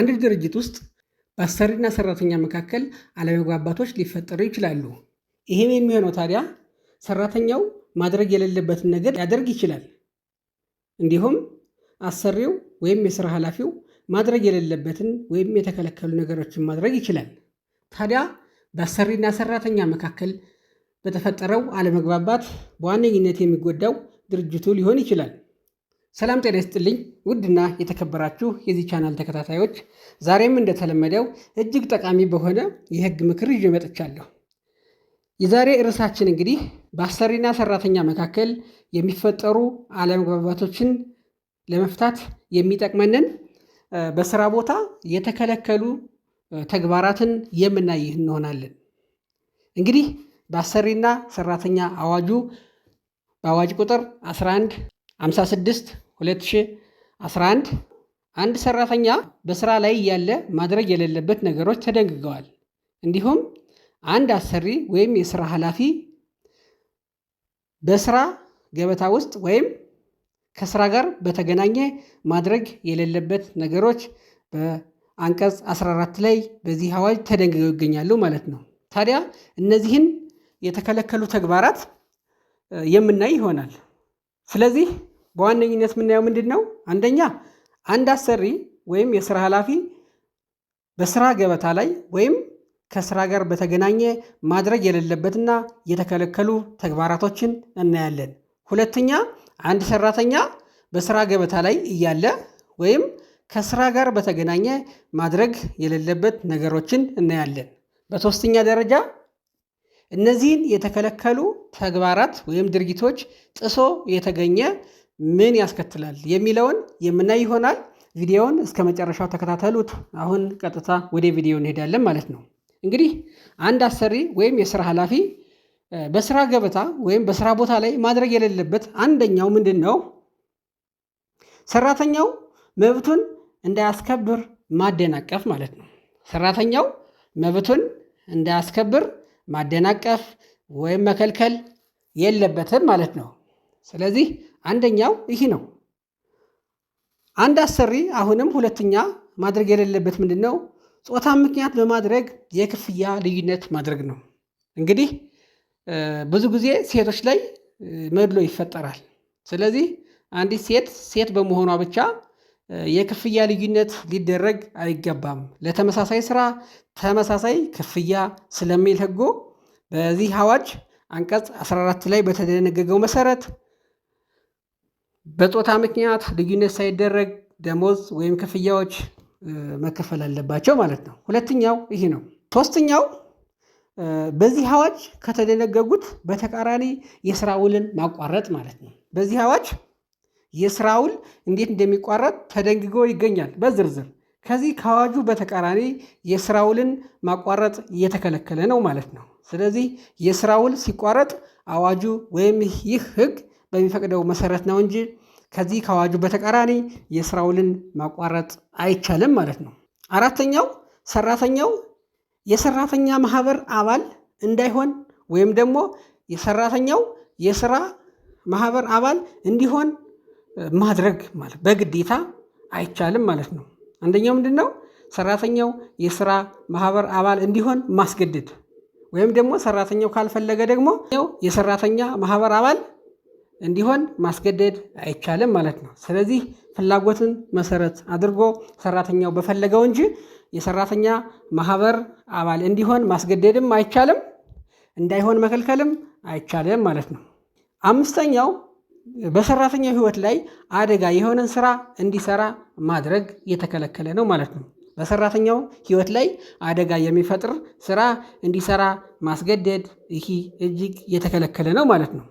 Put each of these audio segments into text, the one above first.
በአንድ ድርጅት ውስጥ በአሰሪና ሰራተኛ መካከል አለመግባባቶች ሊፈጠሩ ይችላሉ። ይህም የሚሆነው ታዲያ ሰራተኛው ማድረግ የሌለበትን ነገር ሊያደርግ ይችላል። እንዲሁም አሰሪው ወይም የስራ ኃላፊው ማድረግ የሌለበትን ወይም የተከለከሉ ነገሮችን ማድረግ ይችላል። ታዲያ በአሰሪና ሰራተኛ መካከል በተፈጠረው አለመግባባት በዋነኝነት የሚጎዳው ድርጅቱ ሊሆን ይችላል። ሰላም ጤና ይስጥልኝ ውድና የተከበራችሁ የዚህ ቻናል ተከታታዮች፣ ዛሬም እንደተለመደው እጅግ ጠቃሚ በሆነ የህግ ምክር ይዤ መጥቻለሁ። የዛሬ ርዕሳችን እንግዲህ በአሰሪና ሰራተኛ መካከል የሚፈጠሩ አለመግባባቶችን ለመፍታት የሚጠቅመንን በስራ ቦታ የተከለከሉ ተግባራትን የምናይ እንሆናለን። እንግዲህ በአሰሪና ሰራተኛ አዋጁ በአዋጅ ቁጥር 11 56 2011 አንድ ሰራተኛ በስራ ላይ ያለ ማድረግ የሌለበት ነገሮች ተደንግገዋል። እንዲሁም አንድ አሰሪ ወይም የስራ ኃላፊ በስራ ገበታ ውስጥ ወይም ከስራ ጋር በተገናኘ ማድረግ የሌለበት ነገሮች በአንቀጽ 14 ላይ በዚህ አዋጅ ተደንግገው ይገኛሉ ማለት ነው። ታዲያ እነዚህን የተከለከሉ ተግባራት የምናይ ይሆናል። ስለዚህ በዋነኝነት የምናየው ምንድን ነው? አንደኛ አንድ አሰሪ ወይም የስራ ኃላፊ በስራ ገበታ ላይ ወይም ከስራ ጋር በተገናኘ ማድረግ የሌለበትና የተከለከሉ ተግባራቶችን እናያለን። ሁለተኛ አንድ ሰራተኛ በስራ ገበታ ላይ እያለ ወይም ከስራ ጋር በተገናኘ ማድረግ የሌለበት ነገሮችን እናያለን። በሶስተኛ ደረጃ እነዚህን የተከለከሉ ተግባራት ወይም ድርጊቶች ጥሶ የተገኘ ምን ያስከትላል የሚለውን የምናይ ይሆናል። ቪዲዮውን እስከ መጨረሻው ተከታተሉት። አሁን ቀጥታ ወደ ቪዲዮ እንሄዳለን ማለት ነው። እንግዲህ አንድ አሰሪ ወይም የስራ ኃላፊ በስራ ገበታ ወይም በስራ ቦታ ላይ ማድረግ የሌለበት አንደኛው ምንድን ነው? ሰራተኛው መብቱን እንዳያስከብር ማደናቀፍ ማለት ነው። ሰራተኛው መብቱን እንዳያስከብር ማደናቀፍ ወይም መከልከል የለበትም ማለት ነው። ስለዚህ አንደኛው ይህ ነው። አንድ አሰሪ አሁንም ሁለተኛ ማድረግ የሌለበት ምንድን ነው? ጾታን ምክንያት በማድረግ የክፍያ ልዩነት ማድረግ ነው። እንግዲህ ብዙ ጊዜ ሴቶች ላይ መድሎ ይፈጠራል። ስለዚህ አንዲት ሴት ሴት በመሆኗ ብቻ የክፍያ ልዩነት ሊደረግ አይገባም። ለተመሳሳይ ስራ ተመሳሳይ ክፍያ ስለሚል ህጎ በዚህ አዋጅ አንቀጽ 14 ላይ በተደነገገው መሰረት በጾታ ምክንያት ልዩነት ሳይደረግ ደሞዝ ወይም ክፍያዎች መከፈል አለባቸው ማለት ነው። ሁለተኛው ይሄ ነው። ሶስተኛው በዚህ አዋጅ ከተደነገጉት በተቃራኒ የስራ ውልን ማቋረጥ ማለት ነው። በዚህ አዋጅ የስራ ውል እንዴት እንደሚቋረጥ ተደንግጎ ይገኛል በዝርዝር። ከዚህ ከአዋጁ በተቃራኒ የስራ ውልን ማቋረጥ እየተከለከለ ነው ማለት ነው። ስለዚህ የስራ ውል ሲቋረጥ አዋጁ ወይም ይህ ህግ በሚፈቅደው መሰረት ነው እንጂ ከዚህ ከአዋጁ በተቃራኒ የስራውልን ማቋረጥ አይቻልም ማለት ነው። አራተኛው ሰራተኛው የሰራተኛ ማህበር አባል እንዳይሆን ወይም ደግሞ የሰራተኛው የስራ ማህበር አባል እንዲሆን ማድረግ ማለት በግዴታ አይቻልም ማለት ነው። አንደኛው ምንድን ነው? ሰራተኛው የስራ ማህበር አባል እንዲሆን ማስገደድ ወይም ደግሞ ሰራተኛው ካልፈለገ ደግሞ የሰራተኛ ማህበር አባል እንዲሆን ማስገደድ አይቻልም ማለት ነው። ስለዚህ ፍላጎትን መሰረት አድርጎ ሰራተኛው በፈለገው እንጂ የሰራተኛ ማህበር አባል እንዲሆን ማስገደድም አይቻልም፣ እንዳይሆን መከልከልም አይቻልም ማለት ነው። አምስተኛው በሰራተኛው ህይወት ላይ አደጋ የሆነን ስራ እንዲሰራ ማድረግ የተከለከለ ነው ማለት ነው። በሰራተኛው ህይወት ላይ አደጋ የሚፈጥር ስራ እንዲሰራ ማስገደድ ይህ እጅግ የተከለከለ ነው ማለት ነው።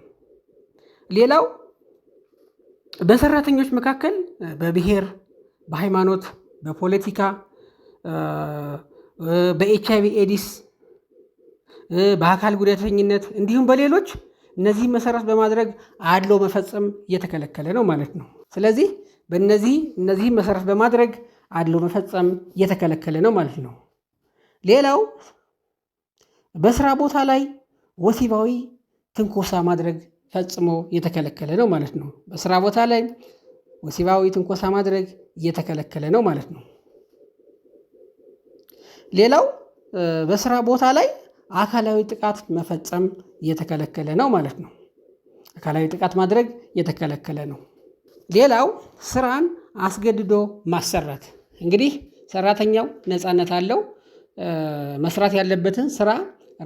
ሌላው በሰራተኞች መካከል በብሔር፣ በሃይማኖት፣ በፖለቲካ፣ በኤች አይቪ ኤዲስ፣ በአካል ጉዳተኝነት እንዲሁም በሌሎች እነዚህ መሰረት በማድረግ አድሎ መፈጸም እየተከለከለ ነው ማለት ነው። ስለዚህ በእነዚህ እነዚህ መሰረት በማድረግ አድሎ መፈጸም እየተከለከለ ነው ማለት ነው። ሌላው በስራ ቦታ ላይ ወሲባዊ ትንኮሳ ማድረግ ፈጽሞ እየተከለከለ ነው ማለት ነው። በስራ ቦታ ላይ ወሲባዊ ትንኮሳ ማድረግ እየተከለከለ ነው ማለት ነው። ሌላው በስራ ቦታ ላይ አካላዊ ጥቃት መፈጸም እየተከለከለ ነው ማለት ነው። አካላዊ ጥቃት ማድረግ እየተከለከለ ነው። ሌላው ስራን አስገድዶ ማሰራት እንግዲህ ሰራተኛው ነፃነት አለው መስራት ያለበትን ስራ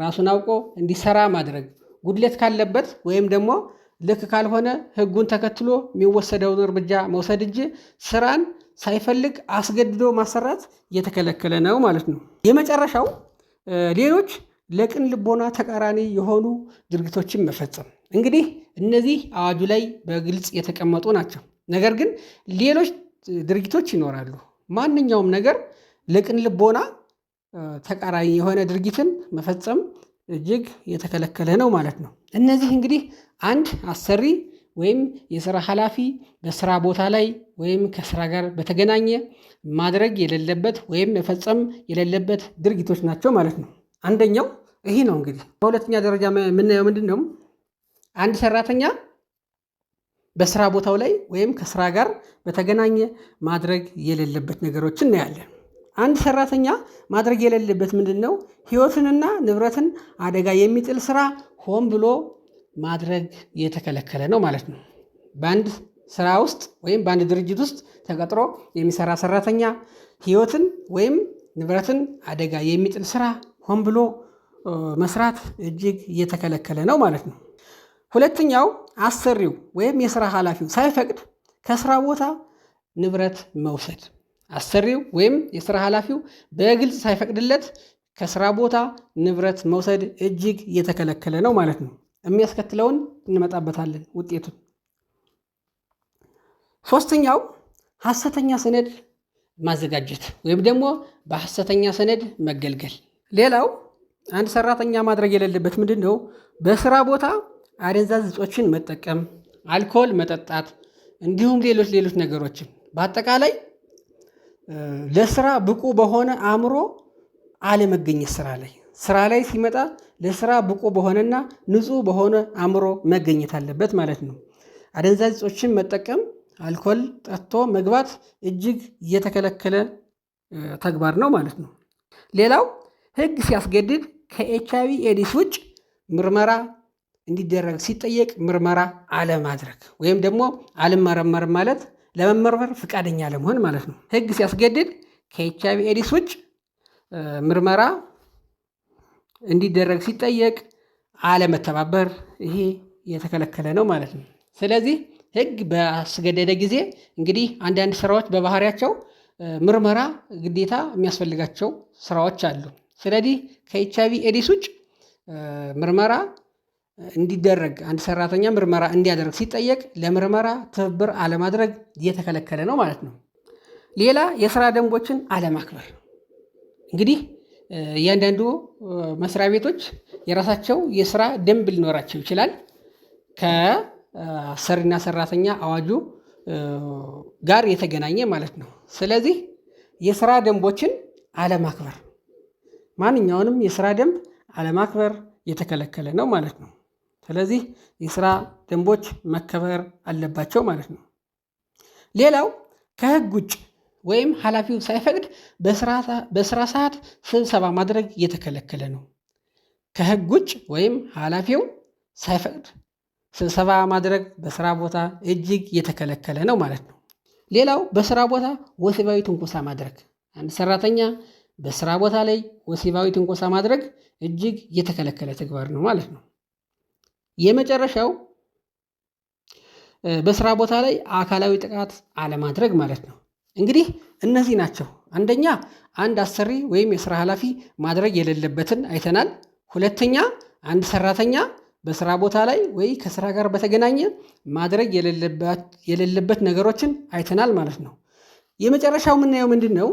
ራሱን አውቆ እንዲሰራ ማድረግ ጉድለት ካለበት ወይም ደግሞ ልክ ካልሆነ ህጉን ተከትሎ የሚወሰደውን እርምጃ መውሰድ እንጂ ስራን ሳይፈልግ አስገድዶ ማሰራት እየተከለከለ ነው ማለት ነው። የመጨረሻው ሌሎች ለቅን ልቦና ተቃራኒ የሆኑ ድርጊቶችን መፈጸም። እንግዲህ እነዚህ አዋጁ ላይ በግልጽ የተቀመጡ ናቸው። ነገር ግን ሌሎች ድርጊቶች ይኖራሉ። ማንኛውም ነገር ለቅን ልቦና ተቃራኒ የሆነ ድርጊትን መፈጸም እጅግ የተከለከለ ነው ማለት ነው። እነዚህ እንግዲህ አንድ አሰሪ ወይም የስራ ኃላፊ በስራ ቦታ ላይ ወይም ከስራ ጋር በተገናኘ ማድረግ የሌለበት ወይም መፈጸም የሌለበት ድርጊቶች ናቸው ማለት ነው። አንደኛው ይሄ ነው። እንግዲህ በሁለተኛ ደረጃ የምናየው ምንድን ነው? አንድ ሰራተኛ በስራ ቦታው ላይ ወይም ከስራ ጋር በተገናኘ ማድረግ የሌለበት ነገሮች እናያለን። አንድ ሰራተኛ ማድረግ የሌለበት ምንድን ነው? ህይወትንና ንብረትን አደጋ የሚጥል ስራ ሆን ብሎ ማድረግ የተከለከለ ነው ማለት ነው። በአንድ ስራ ውስጥ ወይም በአንድ ድርጅት ውስጥ ተቀጥሮ የሚሰራ ሰራተኛ ህይወትን ወይም ንብረትን አደጋ የሚጥል ስራ ሆን ብሎ መስራት እጅግ እየተከለከለ ነው ማለት ነው። ሁለተኛው አሰሪው ወይም የስራ ኃላፊው ሳይፈቅድ ከስራ ቦታ ንብረት መውሰድ አሰሪው ወይም የስራ ኃላፊው በግልጽ ሳይፈቅድለት ከስራ ቦታ ንብረት መውሰድ እጅግ እየተከለከለ ነው ማለት ነው። የሚያስከትለውን እንመጣበታለን ውጤቱን። ሶስተኛው ሐሰተኛ ሰነድ ማዘጋጀት ወይም ደግሞ በሐሰተኛ ሰነድ መገልገል። ሌላው አንድ ሰራተኛ ማድረግ የሌለበት ምንድን ነው? በስራ ቦታ አደንዛዥ እጾችን መጠቀም፣ አልኮል መጠጣት፣ እንዲሁም ሌሎች ሌሎች ነገሮችን በአጠቃላይ ለስራ ብቁ በሆነ አእምሮ አለመገኘት ስራ ላይ ስራ ላይ ሲመጣ ለስራ ብቁ በሆነና ንጹህ በሆነ አእምሮ መገኘት አለበት ማለት ነው። አደንዛዥ መጠቀም አልኮል ጠጥቶ መግባት እጅግ የተከለከለ ተግባር ነው ማለት ነው። ሌላው ህግ ሲያስገድድ ከኤች አይ ቪ ኤዲስ ውጭ ምርመራ እንዲደረግ ሲጠየቅ ምርመራ አለማድረግ ወይም ደግሞ አልመረመርም ማለት ለመመርመር ፈቃደኛ ለመሆን ማለት ነው። ህግ ሲያስገድድ ከኤች አይቪ ኤዲስ ውጭ ምርመራ እንዲደረግ ሲጠየቅ አለመተባበር ይሄ የተከለከለ ነው ማለት ነው። ስለዚህ ህግ ባስገደደ ጊዜ እንግዲህ አንዳንድ ስራዎች በባህሪያቸው ምርመራ ግዴታ የሚያስፈልጋቸው ስራዎች አሉ። ስለዚህ ከኤች አይቪ ኤዲስ ውጭ ምርመራ እንዲደረግ አንድ ሰራተኛ ምርመራ እንዲያደርግ ሲጠየቅ ለምርመራ ትብብር አለማድረግ እየተከለከለ ነው ማለት ነው። ሌላ የስራ ደንቦችን አለማክበር። እንግዲህ እያንዳንዱ መስሪያ ቤቶች የራሳቸው የስራ ደንብ ሊኖራቸው ይችላል። ከአሰሪና ሰራተኛ አዋጁ ጋር የተገናኘ ማለት ነው። ስለዚህ የስራ ደንቦችን አለማክበር፣ ማንኛውንም የስራ ደንብ አለማክበር የተከለከለ ነው ማለት ነው። ስለዚህ የስራ ደንቦች መከበር አለባቸው ማለት ነው። ሌላው ከህግ ውጭ ወይም ኃላፊው ሳይፈቅድ በስራ ሰዓት ስብሰባ ማድረግ እየተከለከለ ነው። ከህግ ውጭ ወይም ኃላፊው ሳይፈቅድ ስብሰባ ማድረግ በስራ ቦታ እጅግ እየተከለከለ ነው ማለት ነው። ሌላው በስራ ቦታ ወሲባዊ ትንኮሳ ማድረግ፣ አንድ ሰራተኛ በስራ ቦታ ላይ ወሲባዊ ትንኮሳ ማድረግ እጅግ እየተከለከለ ተግባር ነው ማለት ነው። የመጨረሻው በስራ ቦታ ላይ አካላዊ ጥቃት አለማድረግ ማለት ነው። እንግዲህ እነዚህ ናቸው። አንደኛ አንድ አሰሪ ወይም የስራ ኃላፊ ማድረግ የሌለበትን አይተናል። ሁለተኛ አንድ ሰራተኛ በስራ ቦታ ላይ ወይ ከስራ ጋር በተገናኘ ማድረግ የሌለበት ነገሮችን አይተናል ማለት ነው። የመጨረሻው የምናየው ምንድን ነው?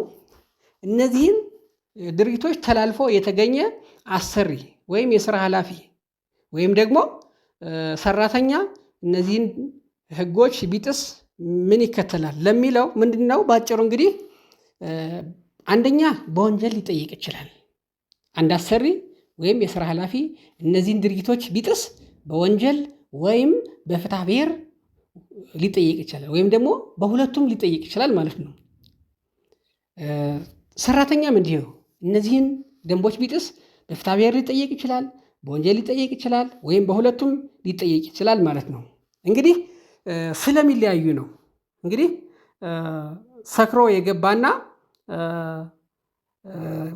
እነዚህን ድርጊቶች ተላልፎ የተገኘ አሰሪ ወይም የስራ ኃላፊ ወይም ደግሞ ሰራተኛ እነዚህን ህጎች ቢጥስ ምን ይከተላል ለሚለው ምንድን ነው? በአጭሩ እንግዲህ አንደኛ በወንጀል ሊጠይቅ ይችላል። አንድ አሰሪ ወይም የስራ ኃላፊ እነዚህን ድርጊቶች ቢጥስ በወንጀል ወይም በፍትሐ ብሔር ሊጠይቅ ይችላል፣ ወይም ደግሞ በሁለቱም ሊጠይቅ ይችላል ማለት ነው። ሰራተኛም እንዲሁ እነዚህን ደንቦች ቢጥስ በፍትሐ ብሔር ሊጠየቅ ይችላል፣ በወንጀል ሊጠየቅ ይችላል ወይም በሁለቱም ሊጠየቅ ይችላል ማለት ነው። እንግዲህ ስለሚለያዩ ነው። እንግዲህ ሰክሮ የገባና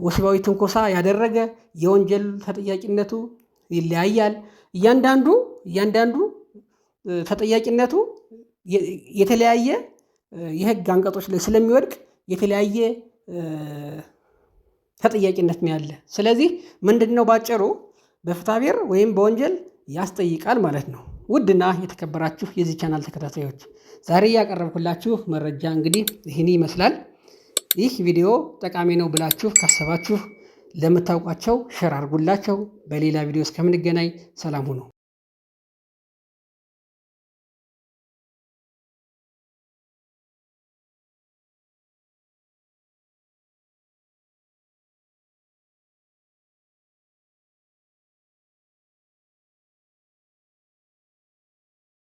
ወሲባዊ ትንኮሳ ያደረገ የወንጀል ተጠያቂነቱ ይለያያል። እያንዳንዱ እያንዳንዱ ተጠያቂነቱ የተለያየ የህግ አንቀጦች ላይ ስለሚወድቅ የተለያየ ተጠያቂነት ነው ያለ። ስለዚህ ምንድን ነው ባጭሩ በፍትሐብሔር ወይም በወንጀል ያስጠይቃል ማለት ነው። ውድና የተከበራችሁ የዚህ ቻናል ተከታታዮች ዛሬ ያቀረብኩላችሁ መረጃ እንግዲህ ይህን ይመስላል። ይህ ቪዲዮ ጠቃሚ ነው ብላችሁ ካሰባችሁ ለምታውቋቸው ሸር አድርጉላቸው። በሌላ ቪዲዮ እስከምንገናኝ ሰላም ሁኑ።